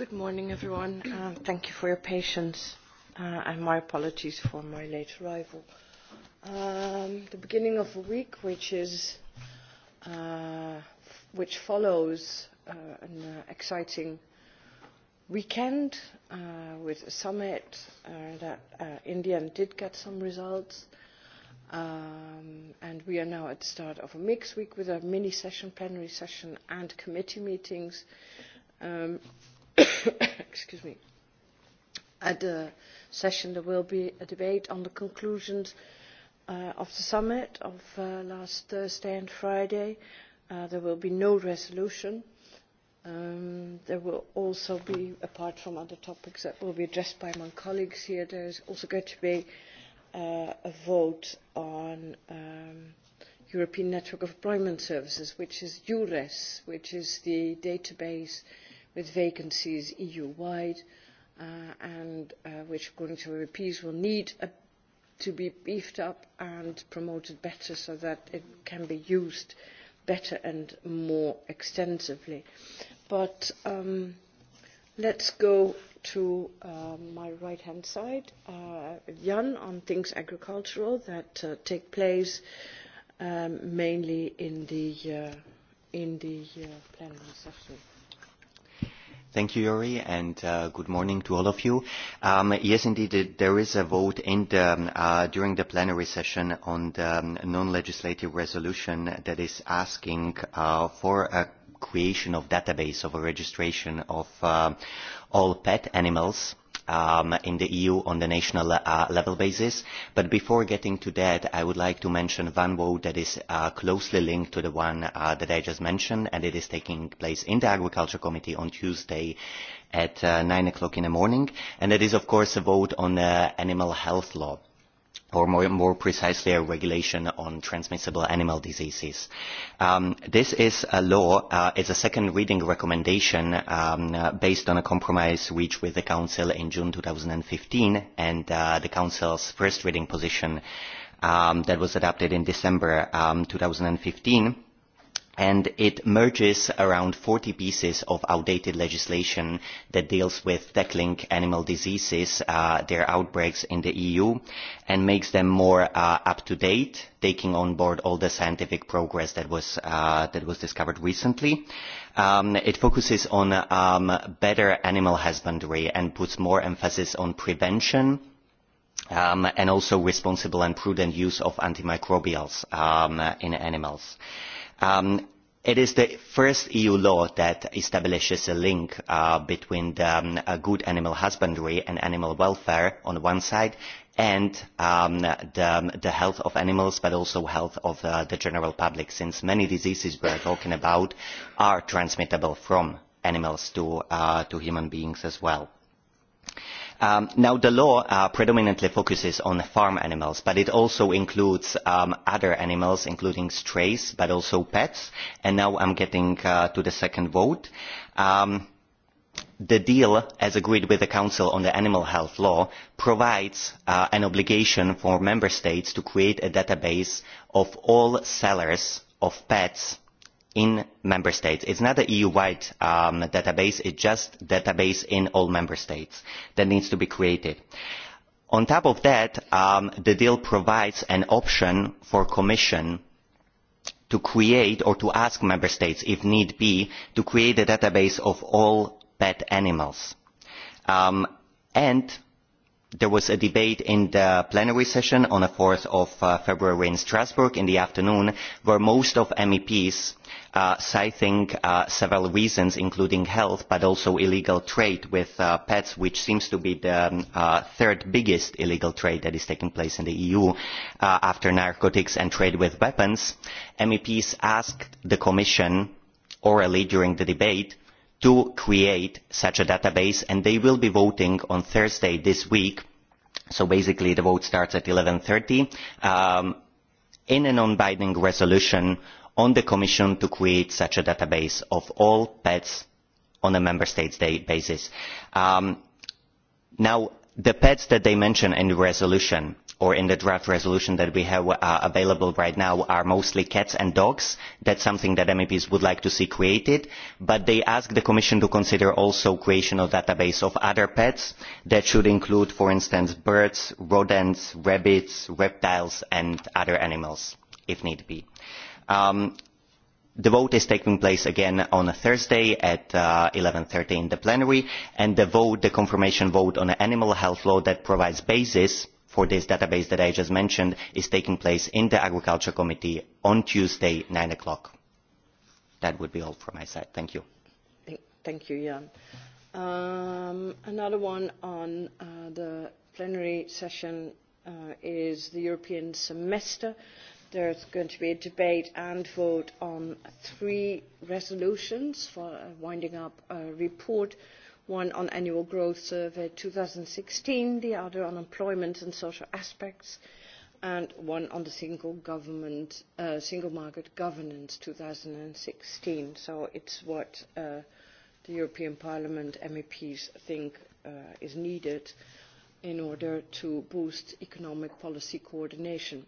Good morning, everyone. Thank you for your patience and my apologies for my late arrival. The beginning of a week which is which follows an exciting weekend with a summit that in the end did get some results and we are now at the start of a mixed week with a mini session, plenary session and committee meetings Excuse me. At the session there will be a debate on the conclusions of the summit of last Thursday and Friday. There will be no resolution. There will also be, apart from other topics that will be addressed by my colleagues here, there is also going to be a vote on European Network of Employment Services, which is EURES, which is the database with vacancies EU-wide and which, according to MEPs, will need to be beefed up and promoted better so that it can be used better and more extensively. But let's go to my right-hand side, Jan, on things agricultural that take place mainly in the plenary session. Thank you, Yuri, and good morning to all of you. Yes, indeed, there is a vote during the plenary session on the non-legislative resolution that is asking for a creation of database of a registration of all pet animals in the EU on the national level basis. But before getting to that, I would like to mention one vote that is closely linked to the one that I just mentioned, and it is taking place in the Agriculture Committee on Tuesday at 9 o'clock in the morning. And it is, of course, a vote on the animal health law or more precisely a regulation on transmissible animal diseases. This is a law, it's a second reading recommendation based on a compromise reached with the Council in June 2015 and the Council's first reading position that was adopted in December 2015 and it merges around 40 pieces of outdated legislation that deals with tackling animal diseases, their outbreaks in the EU, and makes them more up-to-date, taking on board all the scientific progress that was discovered recently. It focuses on better animal husbandry and puts more emphasis on prevention and also responsible and prudent use of antimicrobials in animals. It is the first EU law that establishes a link between good animal husbandry and animal welfare on one side and the health of animals but also health of the general public since many diseases we are talking about are transmittable from animals to human beings as well. Now, the law predominantly focuses on farm animals, but it also includes other animals, including strays, but also pets. And now I'm getting to the second vote. The deal, as agreed with the Council on the Animal Health Law, provides an obligation for member states to create a database of all sellers of pets in member states. It's not an EU-wide database, it's just a database in all member states that needs to be created. On top of that, the deal provides an option for Commission to create or to ask member states, if need be, to create a database of all pet animals. And there was a debate in the plenary session on the 4th of February in Strasbourg in the afternoon where most of MEPs citing several reasons including health but also illegal trade with pets which seems to be the third biggest illegal trade that is taking place in the eu after narcotics and trade with weapons meps asked the commission orally during the debate to create such a database and they will be voting on thursday this week so basically the vote starts at 11.30 in a non-binding resolution on the Commission to create such a database of all pets on a member states basis. Now, the pets that they mention in the resolution or in the draft resolution that we have available right now are mostly cats and dogs. That's something that MEPs would like to see created. But they ask the Commission to consider also creation of database of other pets that should include, for instance, birds, rodents, rabbits, reptiles and other animals, if need be. The vote is taking place again on Thursday at 11.30 in the plenary, and the vote, the confirmation vote on the animal health law that provides basis for this database that I just mentioned is taking place in the Agriculture Committee on Tuesday, 9 o'clock. That would be all from my side. Thank you. Thank you, Jan. Another one on the plenary session is the European semester There's going to be a debate and vote on three resolutions for winding up a report, one on annual growth survey 2016, the other on employment and social aspects, and one on the single government, single market governance 2016. So it's what the European Parliament MEPs think is needed in order to boost economic policy coordination.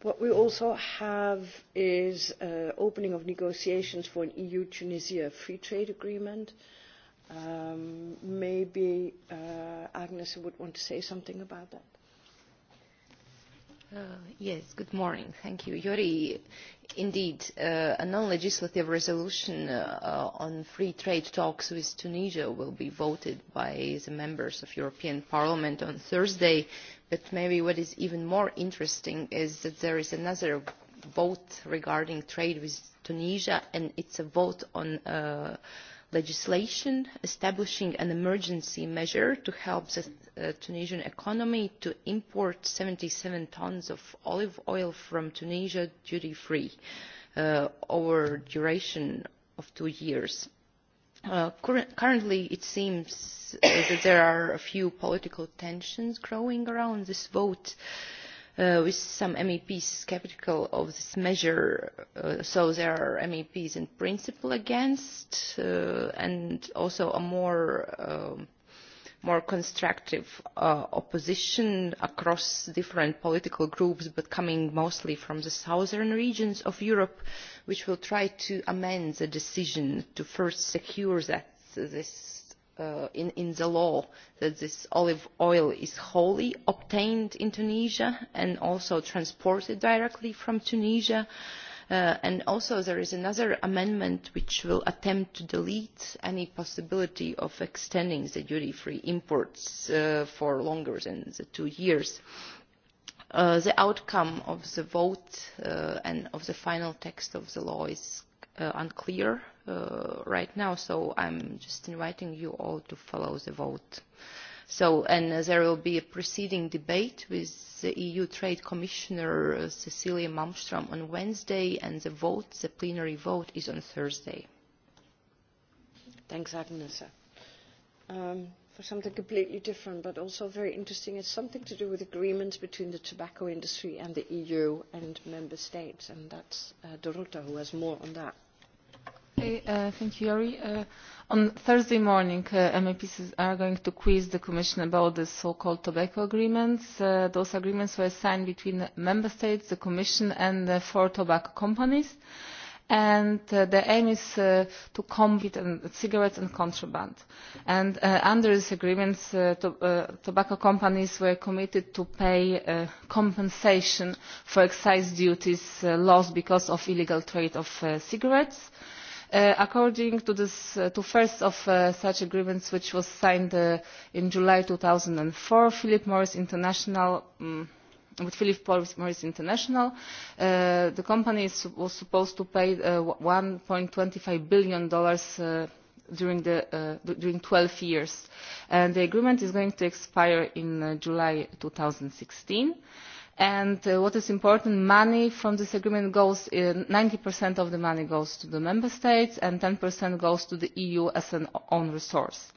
What we also have is opening of negotiations for an EU-Tunisia free trade agreement. Maybe Agnes would want to say something about that. Yes, good morning. Thank you. Yuri, indeed, a non-legislative resolution on free trade talks with Tunisia will be voted by the members of European Parliament on Thursday, but maybe what is even more interesting is that there is another vote regarding trade with Tunisia, and it's a vote on legislation establishing an emergency measure to help the Tunisian economy to import 77 tons of olive oil from Tunisia duty-free over a duration of two years. Currently, it seems that there are a few political tensions growing around this vote with some meps sceptical of this measure so there are meps in principle against and also a more more constructive opposition across different political groups but coming mostly from the southern regions of europe which will try to amend the decision to first secure that this in the law that this olive oil is wholly obtained in Tunisia and also transported directly from Tunisia. And also there is another amendment which will attempt to delete any possibility of extending the duty-free imports for longer than the two years. The outcome of the vote and of the final text of the law is unclear right now, so I'm just inviting you all to follow the vote. So, and there will be a preceding debate with the EU Trade Commissioner Cecilia Malmström on Wednesday, and the vote, the plenary vote, is on Thursday. Thanks, Agnes. for something completely different, but also very interesting, it's something to do with agreements between the tobacco industry and the EU and member states, and that's Dorota who has more on that. Thank you, Yuri. On Thursday morning, MEPs are going to quiz the Commission about the so-called tobacco agreements. Those agreements were signed between Member States, the Commission, and the four tobacco companies. And the aim is to combat cigarettes and contraband. And under these agreements, tobacco companies were committed to pay compensation for excise duties lost because of illegal trade of cigarettes according to the first of such agreements which was signed in july 2004 philip morris international with Philip Morris International. The company was supposed to pay $1.25 billion during 12 years. And the agreement is going to expire in July 2016 and what is important money from this agreement goes 90% of the money goes to the member states and 10% goes to the eu as an own resource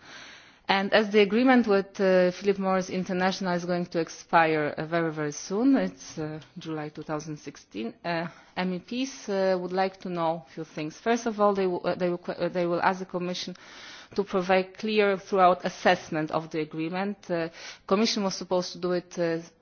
and as the agreement with philip morris international is going to expire very very soon it's july 2016 meps would like to know a few things first of all they will ask the commission to provide clear throughout assessment of the agreement the commission was supposed to do it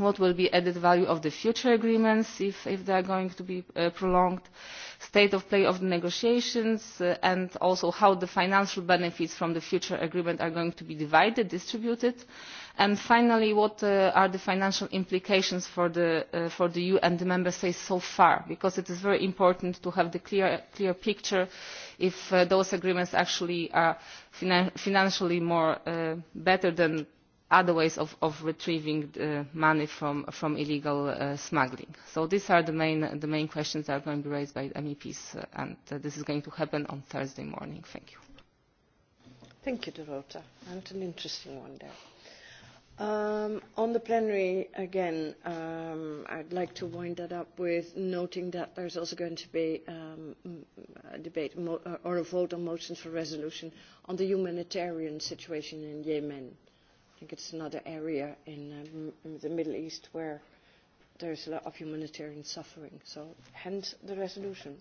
what will be added value of the future agreements if they are going to be prolonged, state of play of the negotiations, and also how the financial benefits from the future agreement are going to be divided, distributed, and finally what are the financial implications for the EU and the Member States so far, because it is very important to have the clear picture if those agreements actually are financially more better than other ways of retrieving money from from illegal smuggling. So these are the main the main questions that are going to be raised by MEPs, and this is going to happen on Thursday morning. Thank you. Thank you, Dorota. And an interesting one there. On the plenary, again, um I'd like to wind that up with noting that there's also going to be um a debate or a vote on motions for resolution on the humanitarian situation in Yemen think it's another area in the Middle East where there's a lot of humanitarian suffering. So hence the resolution.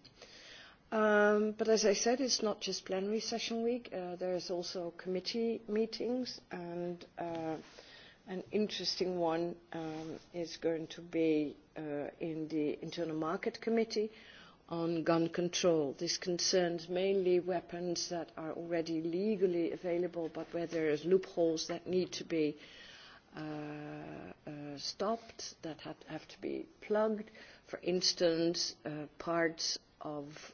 But as I said, it's not just plenary session week. There is also committee meetings and an interesting one is going to be in the Internal Market Committee on gun control. This concerns mainly weapons that are already legally available, but where there is loopholes that need to be stopped, that have to be plugged. For instance, parts of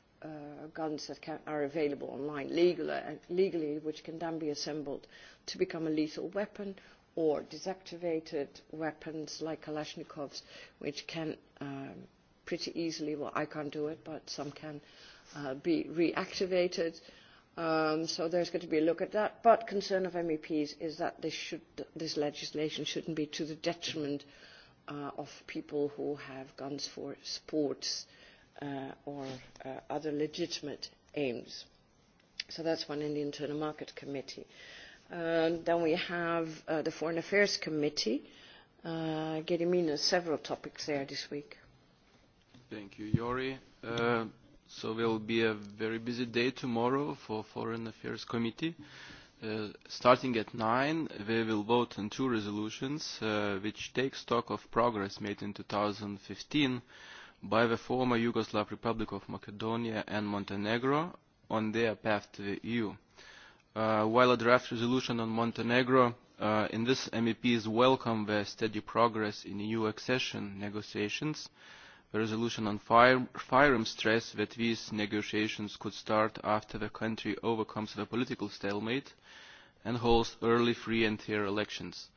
guns that are available online legally, which can then be assembled to become a lethal weapon, or deactivated weapons like Kalashnikovs, which can pretty easily. Well, I can't do it, but some can be reactivated. So there's going to be a look at that. But concern of MEPs is that this legislation shouldn't be to the detriment of people who have guns for sports or other legitimate aims. So that's one in the Internal Market Committee. Then we have the Foreign Affairs Committee. Gedimina, several topics there this week. Thank you, Yori. So will be a very busy day tomorrow for Foreign Affairs Committee. Starting at 9, we will vote on two resolutions which take stock of progress made in 2015 by the former Yugoslav Republic of Macedonia and Montenegro on their path to the EU. While a draft resolution on Montenegro, in this MEP is welcome the steady progress in EU accession negotiations, The resolution on fyrom stressed that these negotiations could start after the country overcomes the political stalemate and holds early, free and fair elections.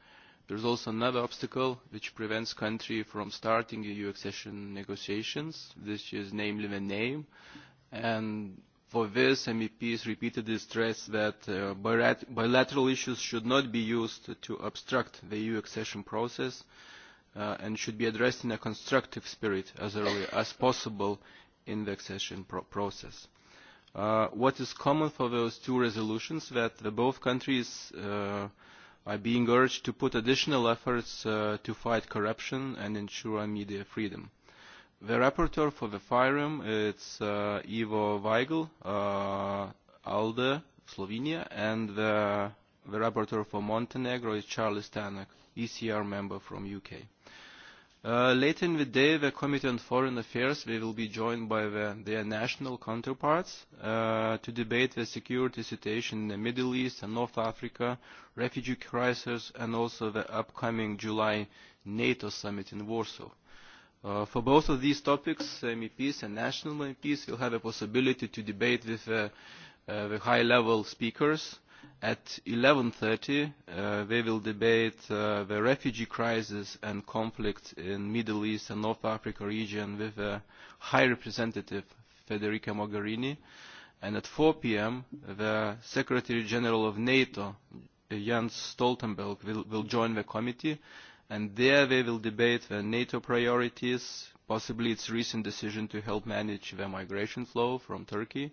There is also another obstacle which prevents country from starting EU accession negotiations. This is namely the name. And for this, MEPs repeatedly stress that bilateral issues should not be used to obstruct the EU accession process and should be addressed in a constructive spirit as early as possible in the accession process. What is common for those two resolutions is that both countries are being urged to put additional efforts to fight corruption and ensure media freedom. The rapporteur for the FIREM is Ivo Weigl, ALDE, Slovenia, and the rapporteur for Montenegro is Charles Stanek, ECR member from UK. Later in the day, the Committee on Foreign Affairs will be joined by their national counterparts to debate the security situation in the Middle East and North Africa, refugee crisis, and also the upcoming July NATO summit in Warsaw. For both of these topics, MEPs and national MEPs will have a possibility to debate with the high-level speakers At 11.30 we will debate the refugee crisis and conflict in Middle East and North Africa region with the High Representative Federica Mogherini. And at 4 p.m. the Secretary General of NATO, Jens Stoltenberg, will join the committee. And there they will debate the NATO priorities, possibly its recent decision to help manage the migration flow from Turkey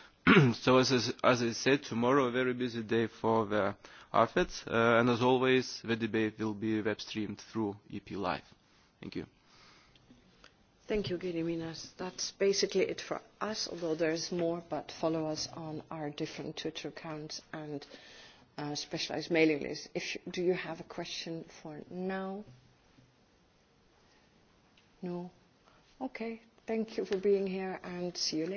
So as as I said, tomorrow a very busy day for the AFET, and as always, the debate will be web streamed through EP Live. Thank you. Thank you, Gediminas. That's basically it for us, although there is more, but follow us on our different Twitter accounts and specialized mailing lists. If do you have a question for now? No? Okay. Thank you for being here, and see you later.